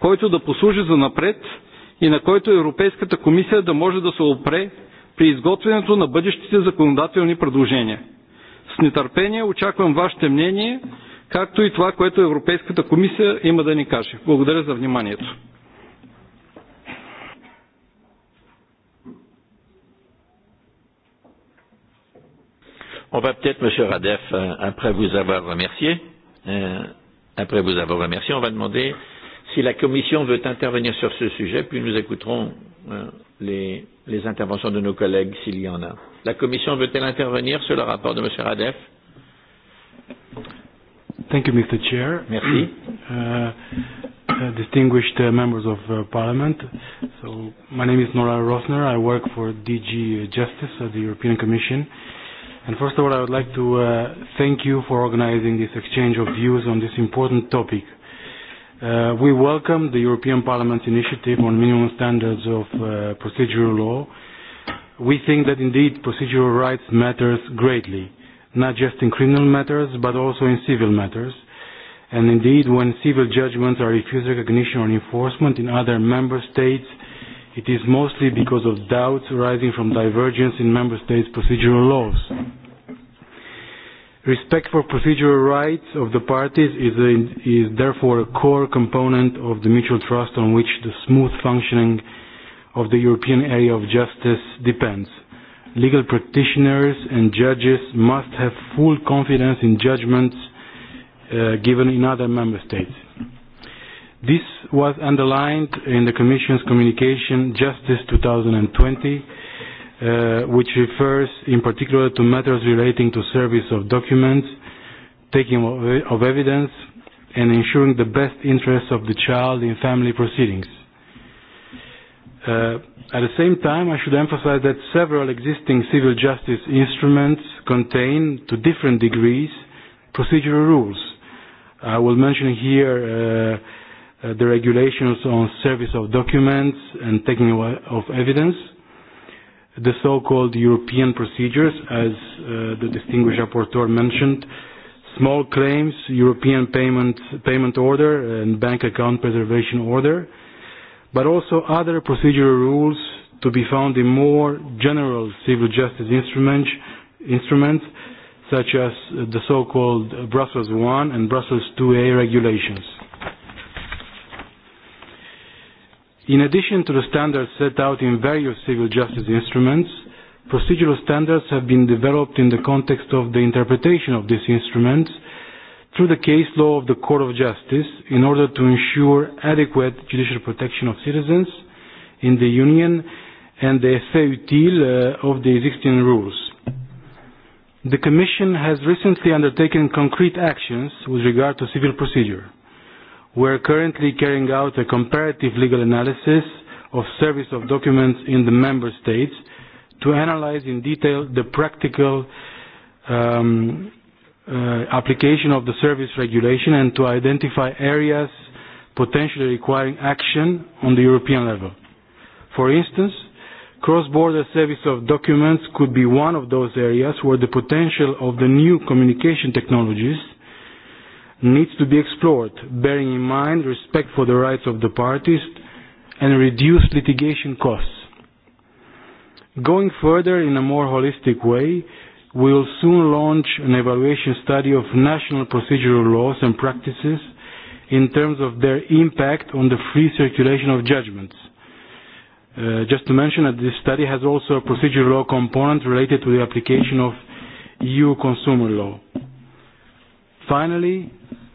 който да послужи за напред и на който Европейската комисия да може да се опре при изготвянето на бъдещите законодателни предложения. С нетърпение очаквам вашето мнение, както и това, което Европейската комисия има да ни каже. Благодаря за вниманието. On va peut-être, Monsieur Radef, euh, après vous avoir remercié, euh, après vous avoir remercié, on va demander si la Commission veut intervenir sur ce sujet, puis nous écouterons euh, les, les interventions de nos collègues s'il y en a. La Commission veut-elle intervenir sur le rapport de Monsieur Radef Thank you, Mr. Chair. Merci. Uh, uh, distinguished uh, members of uh, Parliament. So, my name is Nora Rosner. I work for DG Justice at the European Commission. And first of all, I would like to uh, thank you for organizing this exchange of views on this important topic. Uh, we welcome the European Parliament's initiative on minimum standards of uh, procedural law. We think that indeed procedural rights matters greatly, not just in criminal matters, but also in civil matters. And indeed, when civil judgments are refused recognition or enforcement in other member states, It is mostly because of doubts arising from divergence in member states' procedural laws. Respect for procedural rights of the parties is, a, is therefore a core component of the mutual trust on which the smooth functioning of the European area of justice depends. Legal practitioners and judges must have full confidence in judgments uh, given in other member states. This was underlined in the Commission's communication Justice 2020, uh, which refers in particular to matters relating to service of documents, taking of evidence, and ensuring the best interests of the child in family proceedings. Uh, at the same time, I should emphasize that several existing civil justice instruments contain, to different degrees, procedural rules. I will mention here uh, Uh, the regulations on service of documents and taking of evidence, the so-called European procedures, as uh, the distinguished rapporteur mentioned, small claims, European payment, payment order and bank account preservation order, but also other procedural rules to be found in more general civil justice instruments, instruments such as the so-called Brussels I and Brussels IIa regulations. In addition to the standards set out in various civil justice instruments, procedural standards have been developed in the context of the interpretation of these instruments through the case law of the Court of Justice in order to ensure adequate judicial protection of citizens in the Union and the effet utile uh, of the existing rules. The Commission has recently undertaken concrete actions with regard to civil procedure we are currently carrying out a comparative legal analysis of service of documents in the member states to analyze in detail the practical um, uh, application of the service regulation and to identify areas potentially requiring action on the European level. For instance, cross-border service of documents could be one of those areas where the potential of the new communication technologies – needs to be explored, bearing in mind respect for the rights of the parties and reduced litigation costs. Going further in a more holistic way, we will soon launch an evaluation study of national procedural laws and practices in terms of their impact on the free circulation of judgments. Uh, just to mention that this study has also a procedural law component related to the application of EU consumer law. Finally,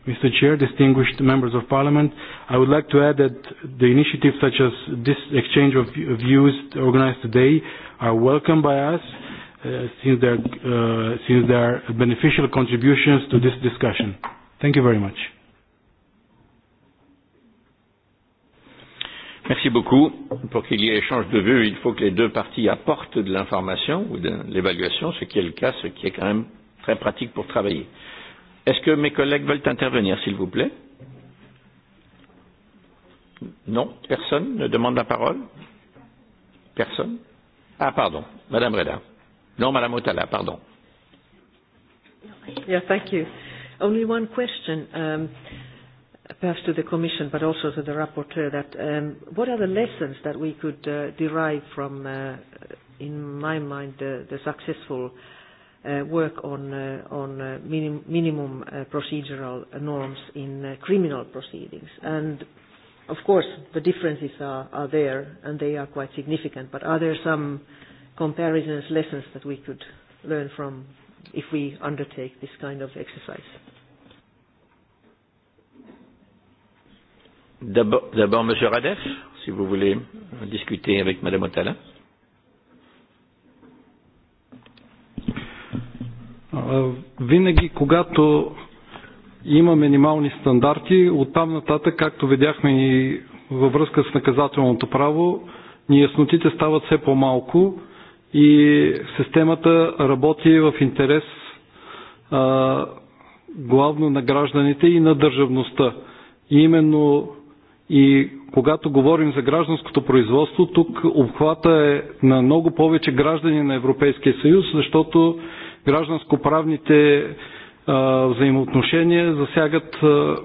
Mr. Chair, distinguished members of Parliament, I would like to add that the initiatives such as this exchange of views organized today are welcome by us uh, since they are, uh, since they are beneficial contributions to this discussion. Thank you very much. Merci beaucoup. Pour qu'il y ait échange de vues, il faut que les deux parties apportent de l'information ou de l'évaluation, ce qui est le cas, ce qui est quand même très pratique pour travailler. Est-ce que mes collègues veulent intervenir, s'il vous plaît Non Personne ne demande la parole Personne Ah, pardon. Madame Reda. Non, Madame Otala, pardon. Yeah, thank you. Only one question, um, perhaps to the Commission, but also to the rapporteur, that um, what are the lessons that we could uh, derive from, uh, in my mind, the, the successful uh, Uh, work on, uh, on uh, minim minimum uh, procedural norms in uh, criminal proceedings. And of course, the differences are, are there and they are quite significant, but are there some comparisons, lessons that we could learn from if we undertake this kind of exercise? D'abord, Monsieur Radef, si vous voulez discuter avec Madame Otala. Винаги, когато има минимални стандарти, оттам нататък, както видяхме и във връзка с наказателното право, неяснотите стават все по-малко и системата работи в интерес а, главно на гражданите и на държавността. И именно и когато говорим за гражданското производство, тук обхвата е на много повече граждани на Европейския съюз, защото гражданско-правните взаимоотношения засягат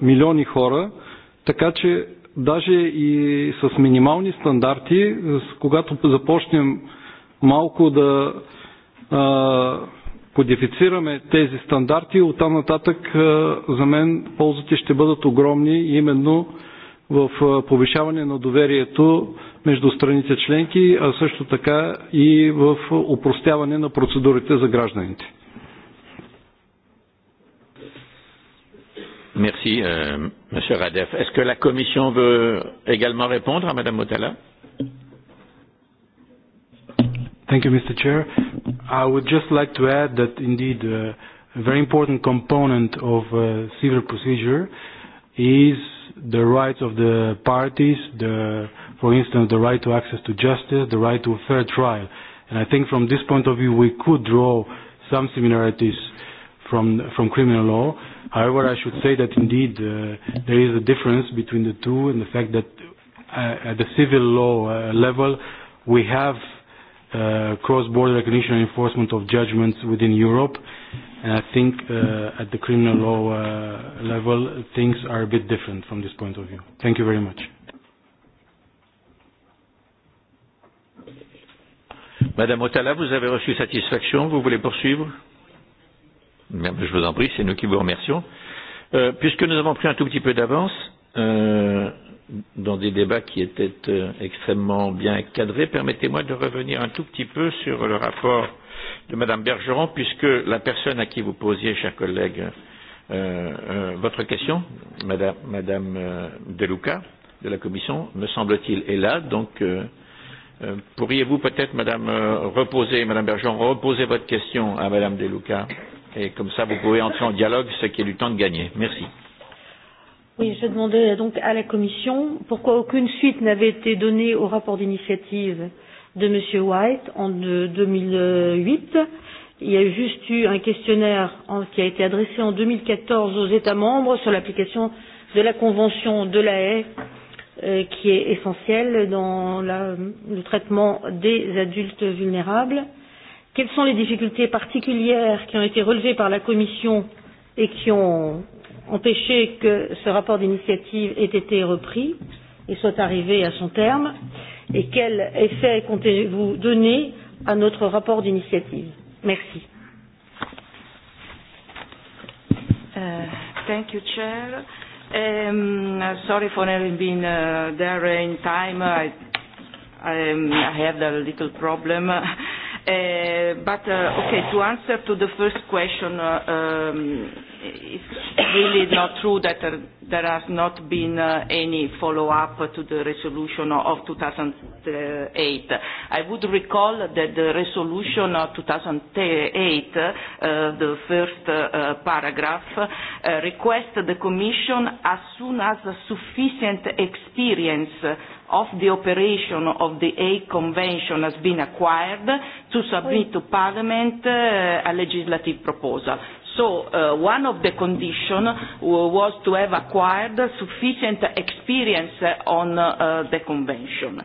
милиони хора, така че даже и с минимални стандарти, когато започнем малко да кодифицираме тези стандарти, оттам нататък за мен ползите ще бъдат огромни именно в повишаване на доверието между страните членки, а също така и в упростяване на процедурите за гражданите. Merci, euh, M. Radef. Est-ce que la Commission veut également répondre à Mme Motala Thank you, Mr. Chair. I would just like to add that indeed uh, a very important component of uh, civil procedure is the rights of the parties, the, for instance, the right to access to justice, the right to a fair trial. And I think from this point of view, we could draw some similarities from, from criminal law. However, I should say that indeed uh, there is a difference between the two and the fact that uh, at the civil law uh, level, we have uh, cross-border recognition and enforcement of judgments within Europe. Uh, And I think uh, at the criminal law uh, level, things are a bit different from this point of view. Thank you very much. Madame Otala, vous avez reçu satisfaction, vous voulez poursuivre Je vous en prie, c'est nous qui vous remercions. Euh, puisque nous avons pris un tout petit peu d'avance euh, dans des débats qui étaient euh, extrêmement bien cadrés, permettez-moi de revenir un tout petit peu sur le rapport euh, de Mme Bergeron, puisque la personne à qui vous posiez, cher collègue, euh, euh, votre question, Mme, Madame euh, Deluca, de la Commission, me semble-t-il, est là. Donc, euh, euh, pourriez-vous peut-être, Madame, euh, reposer, Madame Bergeron, reposer votre question à Madame Deluca et comme ça, vous pouvez entrer en dialogue, ce qui est du temps de gagner. Merci. Oui, je demandais donc à la Commission pourquoi aucune suite n'avait été donnée au rapport d'initiative euh, de M. White en 2008. Euh, Il y a juste eu un questionnaire en, qui a été adressé en 2014 aux États membres sur l'application de la Convention de la haie, euh, qui est essentielle dans la, le traitement des adultes vulnérables. Quelles sont les difficultés particulières qui ont été relevées par la Commission et qui ont empêché que ce rapport d'initiative ait été repris et soit arrivé à son terme euh, et quel effet comptez-vous donner à notre rapport d'initiative Merci. Uh, thank you, Chair. Um, sorry for not being uh, there in time. I, I, um, I had a little problem. Uh, but uh, okay, to answer to the first question, uh, um, it's really not true that there, there has not been uh, any follow-up to the resolution of 2008. I would recall that the resolution of 2008, uh, the first uh, paragraph, uh, requests the Commission as soon as sufficient experience of the operation of the A Convention has been acquired to submit to Parliament uh, a legislative proposal. So uh, one of the conditions was to have acquired sufficient experience on uh, the convention.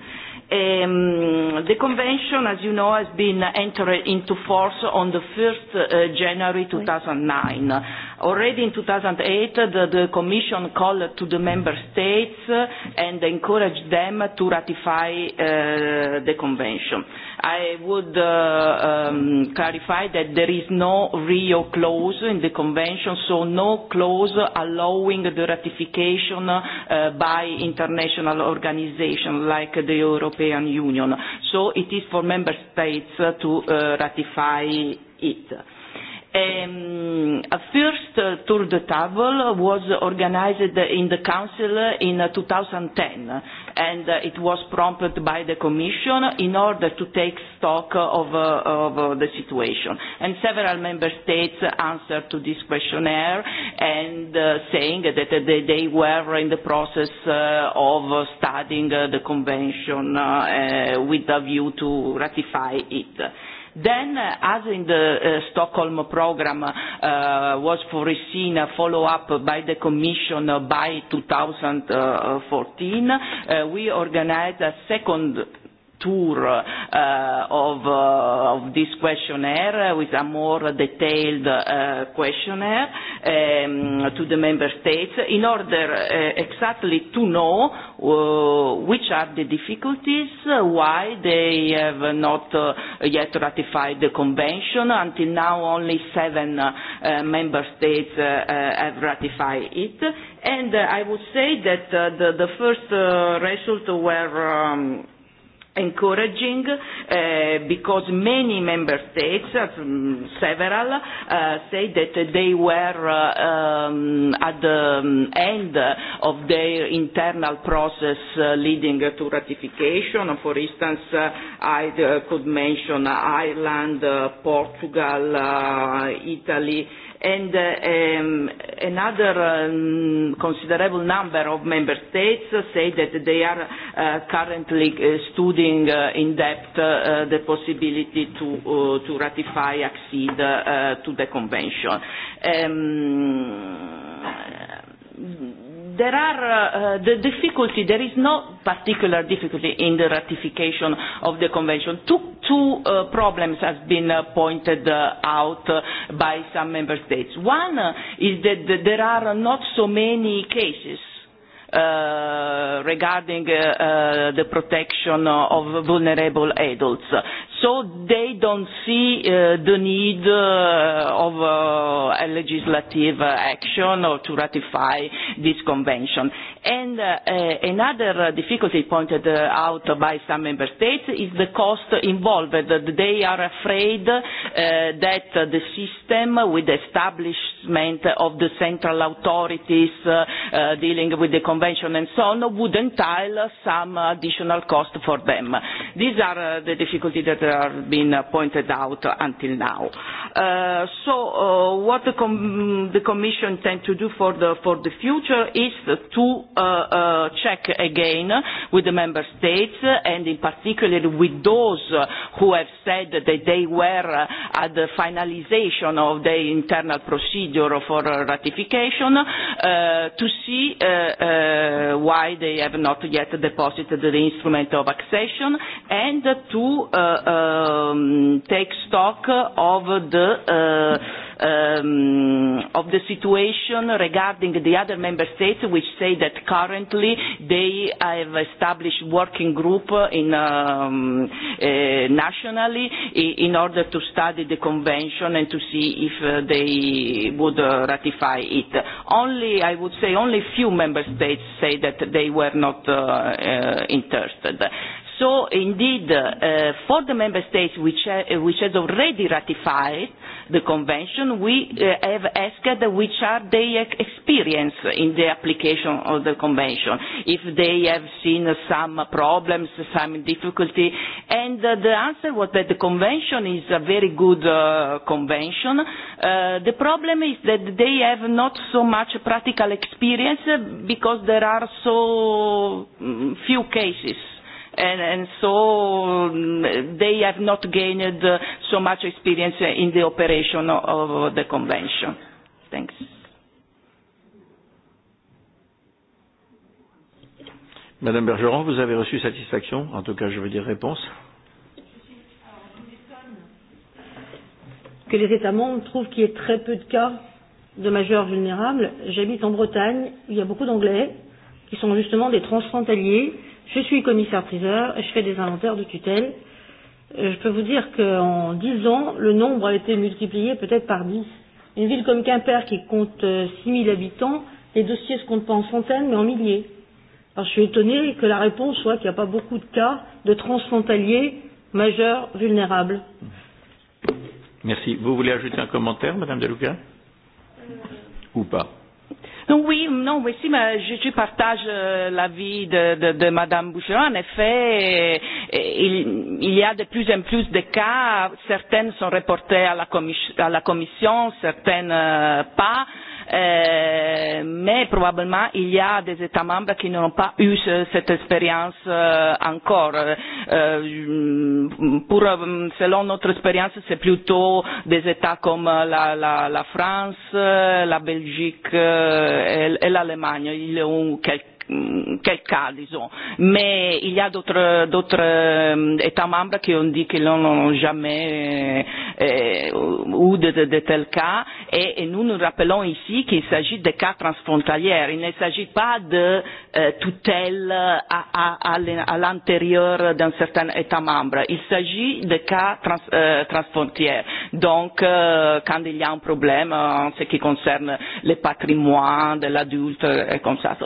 Um, the convention, as you know, has been entered into force on the 1st uh, January 2009 Already in 2008, the, the Commission called to the Member States uh, and encouraged them to ratify uh, the Convention. I would uh, um, clarify that there is no real clause in the Convention, so no clause allowing the ratification uh, by international organizations like the European Union. So it is for Member States uh, to uh, ratify it. Um, a first uh, tour de table was organized in the council in 2010 uh, and uh, it was prompted by the commission in order to take stock of, uh, of uh, the situation and several member states answered to this questionnaire and uh, saying that they were in the process of studying the convention with a view to ratify it. Then, uh, as in the uh, Stockholm program uh, was foreseen a follow-up by the Commission by 2014, uh, uh, we organized a second tour uh, of, uh, of this questionnaire with a more detailed uh, questionnaire um, to the member states in order uh, exactly to know uh, which are the difficulties, uh, why they have not uh, yet ratified the convention. Until now, only seven uh, member states uh, uh, have ratified it. And uh, I would say that uh, the, the first uh, results were um, encouraging uh, because many member states, uh, several, uh, say that they were uh, um, at the um, end of their internal process uh, leading to ratification. For instance, uh, I uh, could mention Ireland, uh, Portugal, uh, Italy, and um, another um, considerable number of member states say that they are uh, currently uh, studying uh, in depth uh, the possibility to, uh, to ratify, accede uh, to the convention. Um, there are uh, uh, the difficulty, there is no particular difficulty in the ratification of the convention. Two, two uh, problems have been uh, pointed uh, out uh, by some member states. One uh, is that there are not so many cases Uh, regarding uh, uh, the protection of vulnerable adults so they don't see uh, the need uh, of uh, a legislative uh, action or to ratify this convention. And uh, uh, another difficulty pointed out by some member states is the cost involved. They are afraid uh, that the system with the establishment of the central authorities uh, uh, dealing with the convention and so on would entail some additional cost for them. These are uh, the difficulties that uh, have been pointed out until now. Uh, so uh, what the, com the Commission intends to do for the, for the future is to uh, uh, check again with the Member States and in particular with those who have said that they were at the finalization of the internal procedure for ratification uh, to see uh, uh, why they have not yet deposited the instrument of accession and to uh, uh, um, take stock of the uh, um, of the situation regarding the other member states which say that currently they have established working group in, um, uh, nationally in order to study the convention and to see if uh, they would uh, ratify it. Only, I would say, only few member states say that they were not uh, uh, interested. So indeed, uh, for the member states which, ha which has already ratified the convention, we uh, have asked which are their experience in the application of the convention, if they have seen some problems, some difficulty, and uh, the answer was that the convention is a very good uh, convention. Uh, the problem is that they have not so much practical experience because there are so mm, few cases and, and so um, they have not gained uh, so much experience in the operation of, of the convention. Thanks. Madame Bergeron, vous avez reçu satisfaction, en tout cas je veux dire réponse. Que les États membres trouvent qu'il y ait très peu de cas de majeurs vulnérables. J'habite en Bretagne, il y a beaucoup d'Anglais qui sont justement des transfrontaliers Je suis commissaire-priseur et je fais des inventaires de tutelle. Euh, je peux vous dire qu'en 10 ans, le nombre a été multiplié peut-être par 10. Une ville comme Quimper qui compte 6 euh, 000 habitants, les dossiers ne se comptent pas en centaines mais en milliers. Alors je suis étonnée que la réponse soit qu'il n'y a pas beaucoup de cas de transfrontaliers majeurs vulnérables. Merci. Vous voulez ajouter un commentaire, Madame Deluca Ou pas Oui, non, mais si, mais je, je partage euh, l'avis de, de, de Madame Boucher. En effet, il, il y a de plus en plus de cas. Certaines sont reportées à la, commis, à la Commission, certaines euh, pas. Euh, Eh, mais probablement il y a des États membres qui n'auront pas eu cette expérience euh, encore. Euh, pour, selon notre expérience, c'est plutôt des États comme la, la, la France, la Belgique eh, et, et l'Allemagne. Ils ont quelques quel cas, disons. Mais il y a d'autres, d'autres euh, États membres qui ont dit qu'ils n'ont jamais euh, eu de, de, de tels cas. Et, et nous nous rappelons ici qu'il s'agit de cas transfrontalières. Il ne s'agit pas de euh, tutelle à, à, à à l'intérieur d'un certain État membre. Il s'agit de cas trans, euh, transfrontières. Donc, euh, quand il y a un problème euh, en ce qui concerne le patrimoine de l'adulte euh, et comme ça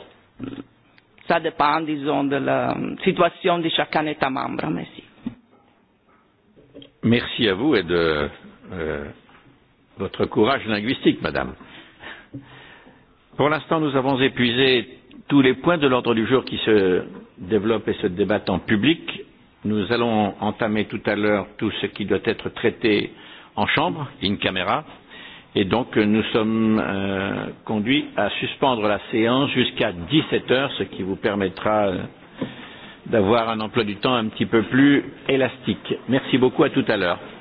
ça dépend, disons, de la situation de chacun État membre. Merci. Merci à vous et de euh, votre courage linguistique, Madame. Pour l'instant, nous avons épuisé tous les points de l'ordre du jour qui se développent et se débattent en public. Nous allons entamer tout à l'heure tout ce qui doit être traité en chambre, in camera. Et donc, euh, nous sommes euh, conduits à suspendre la séance jusqu'à 17 heures, ce qui vous permettra euh, d'avoir un emploi du temps un petit peu plus élastique. Merci beaucoup, à tout à l'heure.